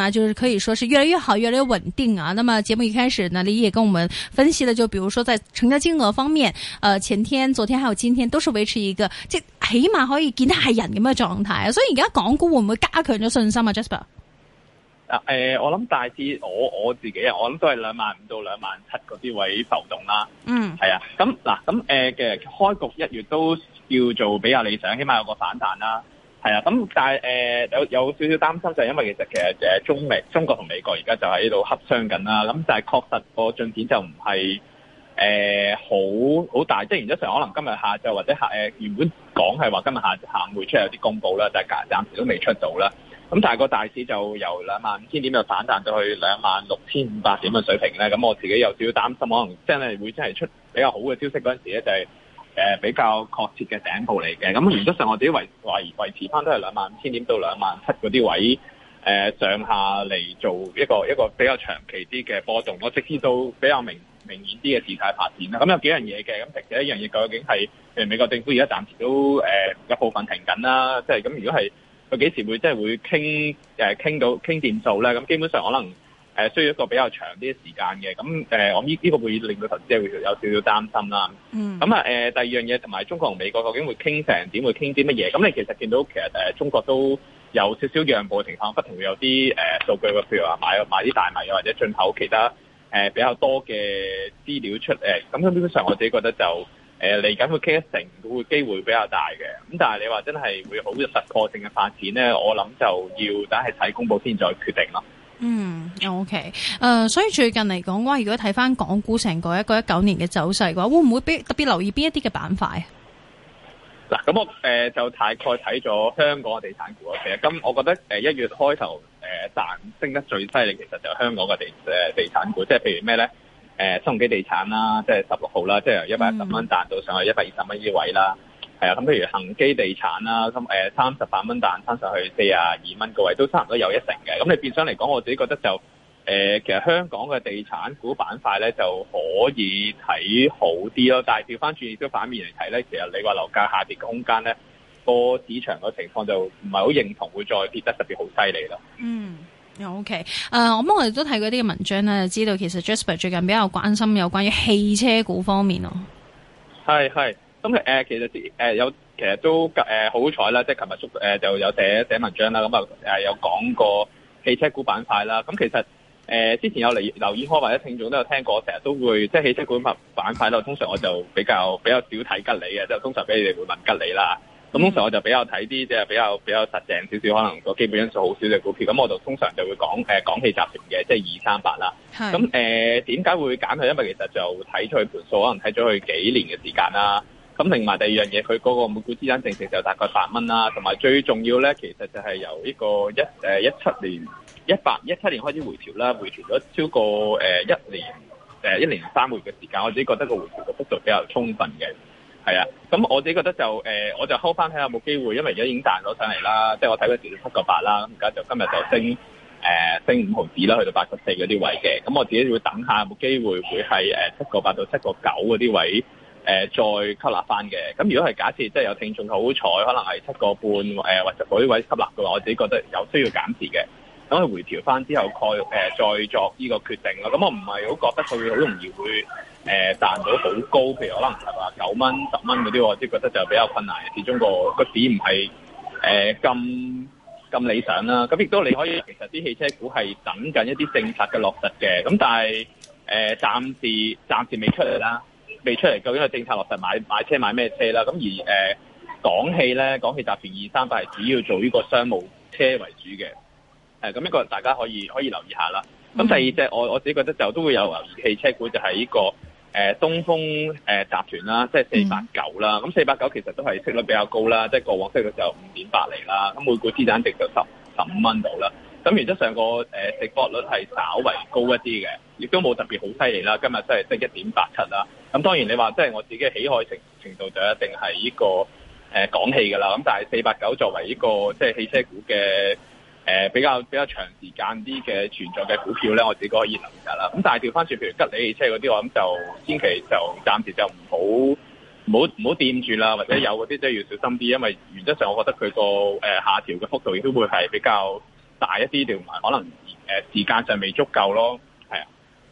那就是可以說是越嚟越好，越嚟越穩定啊！那麼節目一開始呢，呢你也跟我們分析的就，比如說在成交金額方面，呃前天、昨天還有今天，都是維持一個即起碼可以見得係人咁嘅狀態啊！所以而家港股會唔會加強咗信心啊？Jasper 誒、呃，我諗大致我我自己我想、嗯、啊，我諗都係兩萬五到兩萬七嗰啲位浮動啦。嗯、係、呃、啊，咁嗱，咁誒嘅開局一月都叫做比較理想，起碼有個反彈啦、啊。係啊，咁但係誒、呃、有有少少擔心，就係因為其實其實誒中美中國同美國而家就喺度洽商緊啦。咁但係確實個進展就唔係誒好好大，即係原則上可能今日下晝或者係、呃、原本講係話今日下下午會出有啲公佈啦，但係暫時都未出到啦。咁、嗯、但係個大市就由兩萬五千點又反彈到去兩萬六千五百點嘅水平咧。咁我自己有少少擔心，可能真係會真係出比較好嘅消息嗰陣時咧，就係、是。誒、呃、比較確切嘅頂部嚟嘅，咁原則上我自己維維維持翻都係兩萬五千點到兩萬七嗰啲位、呃、上下嚟做一個一個比較長期啲嘅波動，直至到比較明明顯啲嘅事態發展啦。咁有幾樣嘢嘅，咁其實一樣嘢究竟係美國政府而家暫時都誒、呃、一部分停緊啦，即係咁如果係佢幾時會即係會傾誒傾到傾掂數咧，咁基本上可能。需要一個比較長啲時間嘅，咁誒我呢呢個會令到投資者會有少少擔心啦。嗯。咁啊、呃、第二樣嘢同埋中國同美國究竟會傾成點？會傾啲乜嘢？咁你其實見到其實、呃、中國都有少少讓步嘅情況，不停會有啲誒、呃、數據嘅，譬如話買買啲大米或者進口其他誒、呃、比較多嘅資料出嚟。咁基本上我自己覺得就誒嚟緊會傾一成，會機會比較大嘅。咁但係你話真係會好有突破性嘅發展咧，我諗就要等係睇公佈先再決定咯。嗯，OK，誒、呃，所以最近嚟講嘅話，如果睇翻港股成個一個一九年嘅走勢嘅話，會唔會比特別留意邊一啲嘅板塊？嗱，咁我誒就大概睇咗香港嘅地產股啊，其實咁，我覺得誒一月開頭誒，賺、呃、升得最犀利，其實就係香港嘅地誒、呃、地產股，即係譬如咩咧？誒、呃，鴻基地產啦，即係十六號啦，即係由一百一十蚊賺到上去一百二十蚊依位啦。係啊，咁譬、嗯、如恒基地產啦，咁、嗯、誒三十八蚊彈，翻上去四十二蚊個位，都差唔多有一成嘅。咁、嗯嗯、你變相嚟講，我自己覺得就誒、呃，其實香港嘅地產股板塊咧，就可以睇好啲咯。但係調翻轉亦都反面嚟睇咧，其實你話樓價下跌嘅空間咧，個市場嘅情況就唔係好認同會再跌得特別好犀利咯。嗯，OK。誒，咁我哋都睇過啲嘅文章就知道其實 Jasper 最近比較關心有關於汽車股方面咯。係係。咁誒，其實誒有其實都誒好彩啦，即係琴日誒就有寫寫文章啦，咁啊誒有講過汽車股板塊啦。咁其實誒之前有嚟留意開或者聽眾都有聽過，成日都會即係汽車股板板塊啦。通常我就比較比較少睇吉利嘅，即係通常俾你哋會問吉利啦。咁通常我就比較睇啲即係比較比較實淨少少，可能個基本因素好少嘅股票。咁我就通常就會講誒港汽集團嘅即係二三八啦。咁誒點解會揀佢？因為其實就睇咗佢盤數，可能睇咗佢幾年嘅時間啦。咁，另外第二樣嘢，佢嗰個每股資產淨值就大概八蚊啦。同埋最重要咧，其實就係由呢個一、呃、一七年一八一七年開始回調啦，回調咗超過、呃、一年、呃、一年三個月嘅時間。我自己覺得個回調嘅幅度比較充分嘅，係啊。咁我自己覺得就、呃、我就 hold 翻睇下有冇機會，因為而家已經彈咗上嚟啦。即係我睇佢跌到七個八啦，而家就今日就升、呃、升五毫子啦，去到八個四嗰啲位嘅。咁我自己會等下有冇機會會係呃、七個八到七個九嗰啲位。誒再吸納翻嘅，咁如果係假設即係有聽眾好彩，可能係七個半誒或者嗰啲位吸納嘅話，我自己覺得有需要減持嘅，咁佢回調翻之後，再作呢個決定啦。咁我唔係好覺得佢好容易會誒彈到好高，譬如我可能係話九蚊十蚊嗰啲，我即係覺得就比較困難。始終個個市唔係誒咁咁理想啦。咁亦都你可以其實啲汽車股係等緊一啲政策嘅落實嘅，咁但係誒、呃、暫時暫時未出嚟啦。未出嚟，究竟個政策落實買,買車買咩車啦？咁而誒港汽咧，港汽集團二三八係主要做呢個商務車為主嘅，咁、呃、呢個大家可以可以留意下啦。咁第二隻我我自己覺得就都會有汽車股、這個，就係呢個誒東風誒集團啦，即係四八九啦。咁四八九其實都係息率比較高啦，即、就、係、是、過往息率就五點八釐啦。咁每股資產值就十十五蚊到啦。咁原則上個誒市泊率係稍為高一啲嘅，亦都冇特別好犀利啦。今日即係升一點八七啦。咁當然你話即係我自己喜愛程度就一定係呢、這個港、呃、氣㗎啦，咁但係四八九作為呢個即係、就是、汽車股嘅、呃、比較比較長時間啲嘅存在嘅股票咧，我自己可以留意下啦。咁但係調翻轉譬如吉利汽車嗰啲，我諗就千祈就暫時就唔好唔好唔好掂住啦，或者有嗰啲就要小心啲，因為原則上我覺得佢個、呃、下調嘅幅度都會係比較大一啲，同埋可能時間上未足夠咯。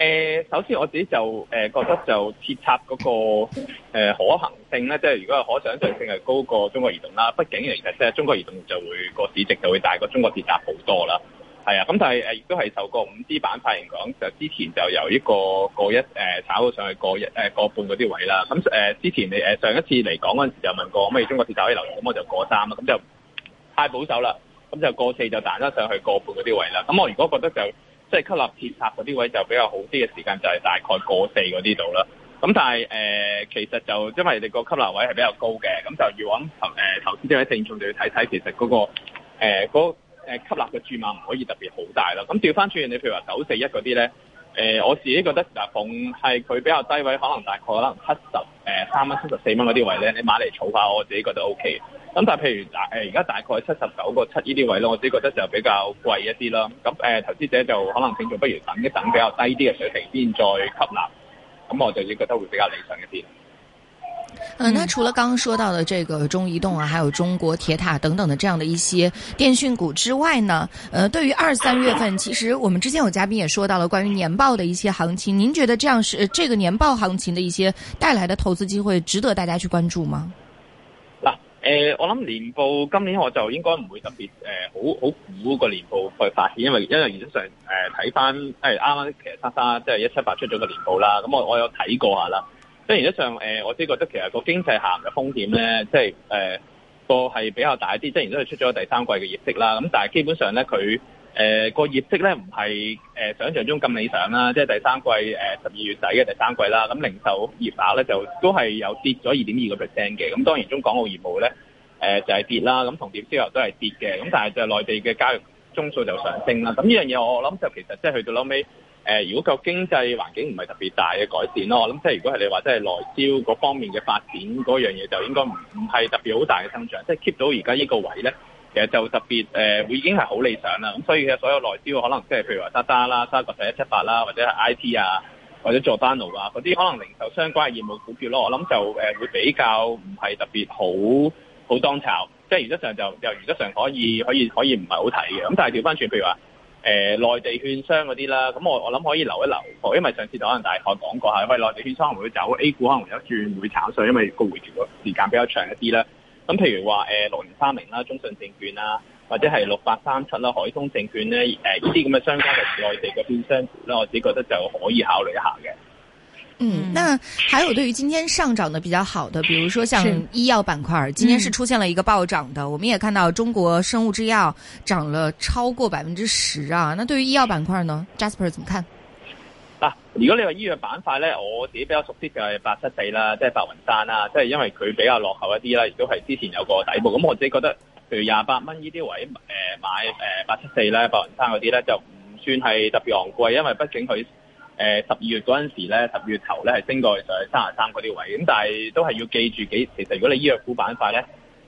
誒、呃，首先我自己就誒、呃、覺得就鐵塔嗰、那個、呃、可行性咧，即係如果係可想像性係高過中國移動啦。畢竟其實即係中國移動就會個市值就會大過中國鐵塔好多啦。係啊，咁但係誒亦都係受個五 G 板塊嚟講，就之前就由呢、這個過一誒、呃、炒到上去過一誒、呃、過一半嗰啲位啦。咁、呃、誒之前誒、呃、上一次嚟講嗰陣時候就問過，咁你中國鐵塔可以留？咁我就過三啦，咁就太保守啦。咁就過四就彈得上去過半嗰啲位啦。咁我如果覺得就，即係吸納鐵塔嗰啲位就比較好啲嘅時間就係、是、大概個四嗰啲度啦。咁但係、呃、其實就因為你個吸納位係比較高嘅，咁就如果頭誒頭先呢位聽眾，就要睇睇其實嗰、嗰個、呃呃、吸納嘅注碼唔可以特別好大啦。咁調翻轉你譬如話九四一嗰啲咧。誒、呃、我自己覺得，其實逢係佢比較低位，可能大概可能七十誒三蚊、七十四蚊嗰啲位咧，你買嚟儲下，我自己覺得 O、OK、K。咁但係譬如大誒而家大概七十九個七呢啲位咯，我自己覺得就比較貴一啲啦。咁誒、呃、投資者就可能仲不如等一等比較低啲嘅水平先再吸納，咁我就已經覺得會比較理想一啲。嗯，那除了剛剛說到的這個中移動啊，還有中國鐵塔等等的這樣的一些電訊股之外呢，呃，對於二三月份，其實我們之前有嘉賓也說到了關於年報的一些行情，您覺得這樣是、呃、這個年報行情的一些帶來的投資機會，值得大家去關注嗎？嗱，誒、呃，我諗年報今年我就應該唔會特別誒好好估個年報去發現，因為因為原則上誒睇翻，啱、呃、啱、哎、其實莎莎即係一七八出咗個年報啦，咁我我有睇過下啦。雖然一上，誒、呃，我都覺得其實個經濟下行嘅風險咧，即係誒個係比較大一啲。即然都係出咗第三季嘅業績啦，咁但係基本上咧，佢誒個業績咧唔係誒想像中咁理想啦。即係第三季誒十二月底嘅第三季啦，咁零售業額咧就都係有跌咗二點二個 percent 嘅。咁當然中港澳業務咧誒、呃、就係、是、跌啦，咁同店銷售都係跌嘅。咁但係就係內地嘅交易，中數就上升啦，咁呢樣嘢我諗就其實即係去到撈尾、呃，如果個經濟環境唔係特別大嘅改善咯，我諗即係如果係你話即係內銷嗰方面嘅發展嗰樣嘢，就應該唔唔係特別好大嘅增長，即係 keep 到而家呢個位咧，其實就特別誒、呃、會已經係好理想啦。咁所以其實所有內銷可能即係譬如話渣渣啦，渣國十一七八啦，或者係 I T 啊，或者做佐丹奴啊嗰啲，可能零售相關嘅業務股票咯，我諗就會比較唔係特別好好當炒。即係原則上就由原則上可以可以可以唔係好睇嘅，咁但係調翻轉，譬如話誒、呃、內地券商嗰啲啦，咁我我諗可以留一留，因為上次就可能大概講過下，喂內地券商會，會走 A 股，可能有轉會，會炒上，因為個回調時間比較長一啲啦。咁譬如話誒、呃，六零三零啦、中信證券啦，或者係六八三七啦、海通證券咧，呢啲咁嘅相關嘅內地嘅券商股咧，我自己覺得就可以考慮一下嘅。嗯，那還有對於今天上漲的比較好的，比如說像醫藥板塊，是今天是出現了一個暴漲的。嗯、我們也看到中國生物製藥漲了超過百分之十啊。那對於醫藥板塊呢，Jasper 怎麼看？啊，如果你話醫藥板塊呢，我自己比較熟悉就係八七四啦，即係白雲山啦，即係因為佢比較落後一啲啦，亦都係之前有個底部。咁、啊、我自己覺得，譬如廿八蚊呢啲位，誒、呃、買誒八七四咧、呃、4, 白雲山嗰啲呢，就唔算係特別昂貴，因為畢竟佢。誒十二月嗰陣時咧，十二月頭咧係升過就係三十三嗰啲位，咁但係都係要記住幾。其實如果你醫藥股板塊咧，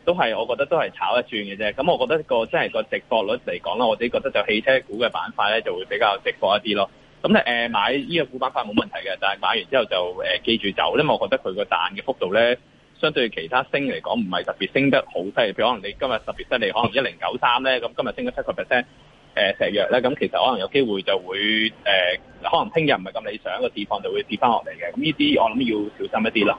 都係我覺得都係炒一轉嘅啫。咁我覺得、個即係個值博率嚟講啦，我自己覺得就汽車股嘅板塊咧就會比較值博一啲咯。咁咧誒買醫藥股板塊冇問題嘅，但係買完之後就誒、呃、記住走，因為我覺得佢個彈嘅幅度咧，相對其他升嚟講唔係特別升得好犀利。譬如可能你今日特別犀利，可能一零九三咧，咁今日升咗七個 percent。誒石藥咧，咁、呃、其實可能有機會就會誒、呃，可能聽日唔係咁理想個市況就會跌翻落嚟嘅。咁呢啲我諗要小心一啲啦。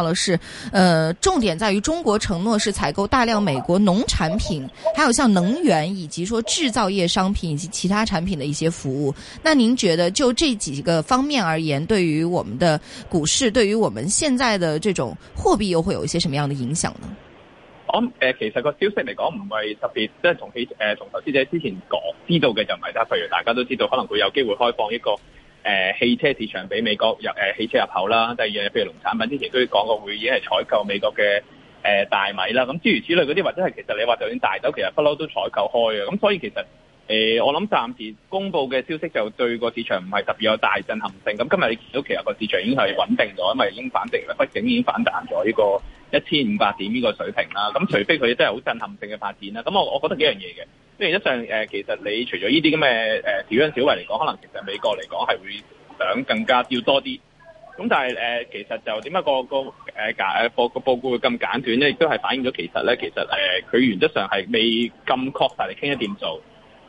的是，呃，重點在於中國承諾是採購大量美國農產品，還有像能源以及說製造業商品以及其他產品的一些服務。那您覺得就這幾個方面而言，對於我們的股市，對於我們現在的這種貨幣，又會有一些什麼樣的影響呢？我誒、嗯呃，其實個消息嚟講，唔係特別，即係從佢誒從投資者之前講知道嘅就唔係，但係譬如大家都知道，可能會有機會開放一個。誒汽車市場俾美國入誒汽車入口啦，第二譬如農產品之前都要講過會議係採購美國嘅、呃、大米啦，咁諸如此類嗰啲，或者係其實你話就算大豆其實不嬲都採購開嘅，咁所以其實、呃、我諗暫時公布嘅消息就對個市場唔係特別有大震撼性，咁今日你見到其實個市場已經係穩定咗，因為已經反跌啦，畢竟已經反彈咗呢個。一千五百點呢個水平啦，咁除非佢真係好震撼性嘅發展啦，咁我我覺得幾樣嘢嘅。因為一上、呃、其實你除咗呢啲咁嘅誒小恩小惠嚟講，可能其實美國嚟講係會想更加要多啲，咁但係誒、呃，其實就點解、那個個誒簡誒報告會咁簡短咧？亦都係反映咗其實咧，其實誒佢、呃、原則上係未咁確實嚟傾一點做。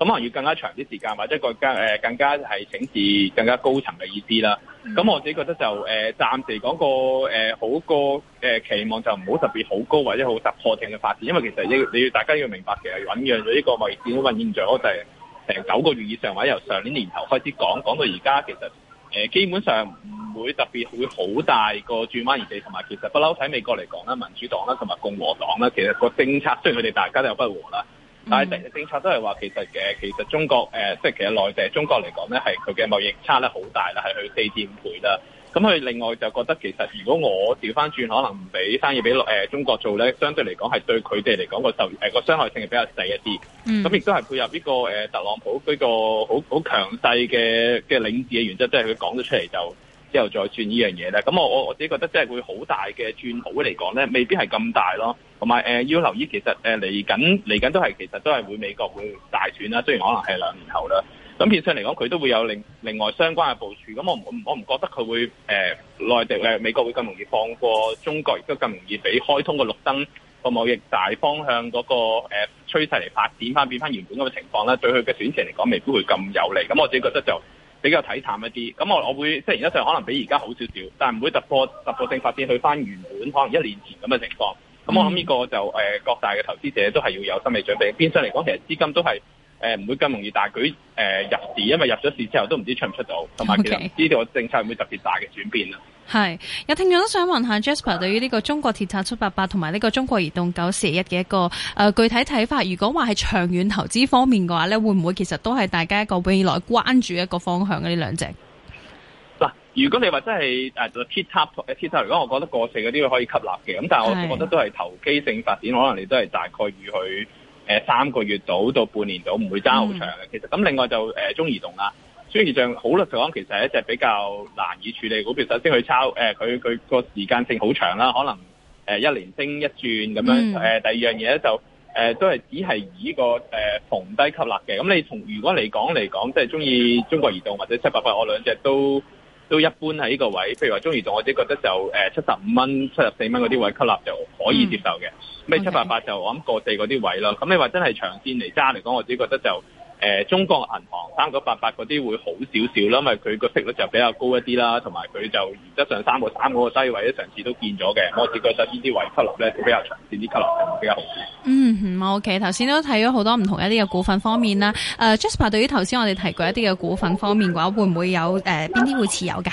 咁可能要更加長啲時間，或者更加誒更加係請示更加高層嘅意思啦。咁我自己覺得就誒暫時講個、呃、好過誒、呃、期望就唔好特別好高，或者好突破性嘅發展。因為其實你要大家要明白，其實醖釀咗呢個位置嘅現象就係成九個月以上，或者由上年年頭開始講講到而家，其實誒基本上唔會特別會好大個轉彎而地。同埋其實不嬲喺美國嚟講啦，民主黨啦，同埋共和黨啦，其實個政策雖然佢哋大家都有不和啦。但係政政策都係話，其實嘅其實中國誒、呃，即係其實內地中國嚟講咧，係佢嘅貿易差咧好大啦，係佢四至五倍啦。咁佢另外就覺得其實，如果我調返轉，可能唔俾生意俾誒中國做咧，相對嚟講係對佢哋嚟講個就誒個傷害性係比較細一啲。咁亦都係配合呢、呢個誒、呃、特朗普呢個好好強勢嘅嘅領事嘅原則，即係佢講咗出嚟就。之後再轉依樣嘢咧，咁我我我自己覺得，即係會好大嘅轉好嚟講咧，未必係咁大咯。同埋、呃、要留意其實嚟緊嚟緊都係其實都係會美國會大選啦，雖然可能係兩年後啦。咁變相嚟講，佢都會有另另外相關嘅部署。咁我我唔覺得佢會誒、呃、內地美國會咁容易放過中國，亦都咁容易俾開通個綠燈個貿易大方向嗰、那個誒、呃、趨勢嚟發展翻，變翻原本咁嘅情況啦。對佢嘅選情嚟講，未必會咁有利。咁我自己覺得就，比較睇淡一啲，咁我我會即係而家就可能比而家好少少，但係唔會突破突破性發展去翻原本可能一年前咁嘅情況。咁我諗呢個就誒、呃、各大嘅投資者都係要有心理準備。變相嚟講，其實資金都係唔、呃、會咁容易大舉、呃、入市，因為入咗市之後都唔知出唔出到，同埋其實唔知呢個政策會特別大嘅轉變啦。係，有聽眾都想問下 Jasper 對於呢個中國鐵塔七百八同埋呢個中國移動九四一嘅一個、呃、具體睇法。如果話係長遠投資方面嘅話咧，會唔會其實都係大家一個未來關注一個方向嘅呢兩隻？嗱，如果你話真係誒鐵塔同誒鐵塔，啊 top, 呃、如果我覺得過四嗰啲可以吸納嘅，咁但我覺得都係投機性發展，可能你都係大概預佢、呃、三個月度到半年度，唔會爭好長嘅。嗯、其實咁另外就、呃、中移動啦。專業上好啦，講其實係一隻比較難以處理。嗰邊首先佢抄誒，佢佢個時間性好長啦，可能一年升一轉咁樣。Mm. 第二樣嘢呢就誒都係只係以個誒、呃、逢低吸納嘅。咁你從如果嚟講嚟講，即係中意中國移動或者七八八，我兩隻都都一般喺呢個位。譬如話中國移動，我自己覺得就誒七十五蚊、七十四蚊嗰啲位吸納就可以接受嘅。咩、mm. Okay. 七八八就我諗過四嗰啲位啦，咁你話真係長線嚟揸嚟講，我自己覺得就。誒、呃，中國嘅銀行三九八八嗰啲會好少少啦，因為佢個息率就比較高一啲啦，同埋佢就原則上三個三個低位咧，上次都見咗嘅。我自己覺得呢啲位吸納咧，比較長線啲吸納比較好。啲、嗯。嗯，好嘅。頭先都睇咗好多唔同一啲嘅股份方面啦。誒、呃、Jasper 對於頭先我哋提過一啲嘅股份方面嘅話，會唔會有誒邊啲會持有㗎？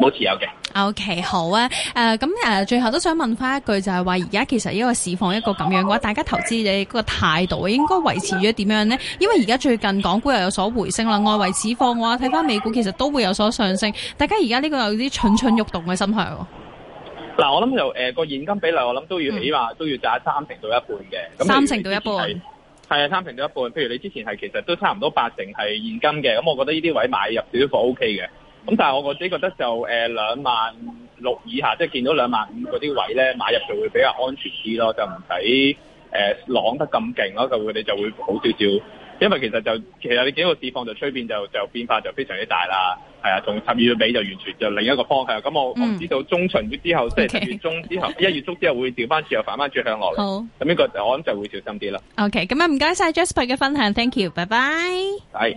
冇、嗯、持有嘅。OK，好啊，誒，咁誒，最後都想問翻一句，就係話而家其實呢個市況一個咁樣嘅話，大家投資者嗰個態度應該維持咗點樣呢？因為而家最近港股又有所回升啦，外圍市況嘅話睇翻美股，其實都會有所上升，大家而家呢個有啲蠢蠢欲動嘅心向、哦。嗱、呃，我諗就誒個、呃、現金比例，我諗都要起碼、嗯、都要揸三成到一半嘅、嗯，三成到一半，係啊，三成到一半。譬如你之前係其實都差唔多八成係現金嘅，咁我覺得呢啲位買入少少貨 O K 嘅。咁但係我自己覺得就誒兩萬六以下，即係見到兩萬五嗰啲位咧，買入就會比較安全啲咯，就唔使誒攣得咁勁咯，就會你就會好少少。因為其實就其實你幾個市況就趨變就就變化就非常之大啦，係啊，從十月尾就完全就另一個方向。咁、啊、我我唔知道中旬之後，嗯、即係十月中，okay, 中之後，一 月中之後會調翻轉又反翻轉向落嚟。 好，咁呢個就我諗就會小心啲啦。OK，咁啊唔該晒 Jasper 嘅分享，Thank you，拜拜。係。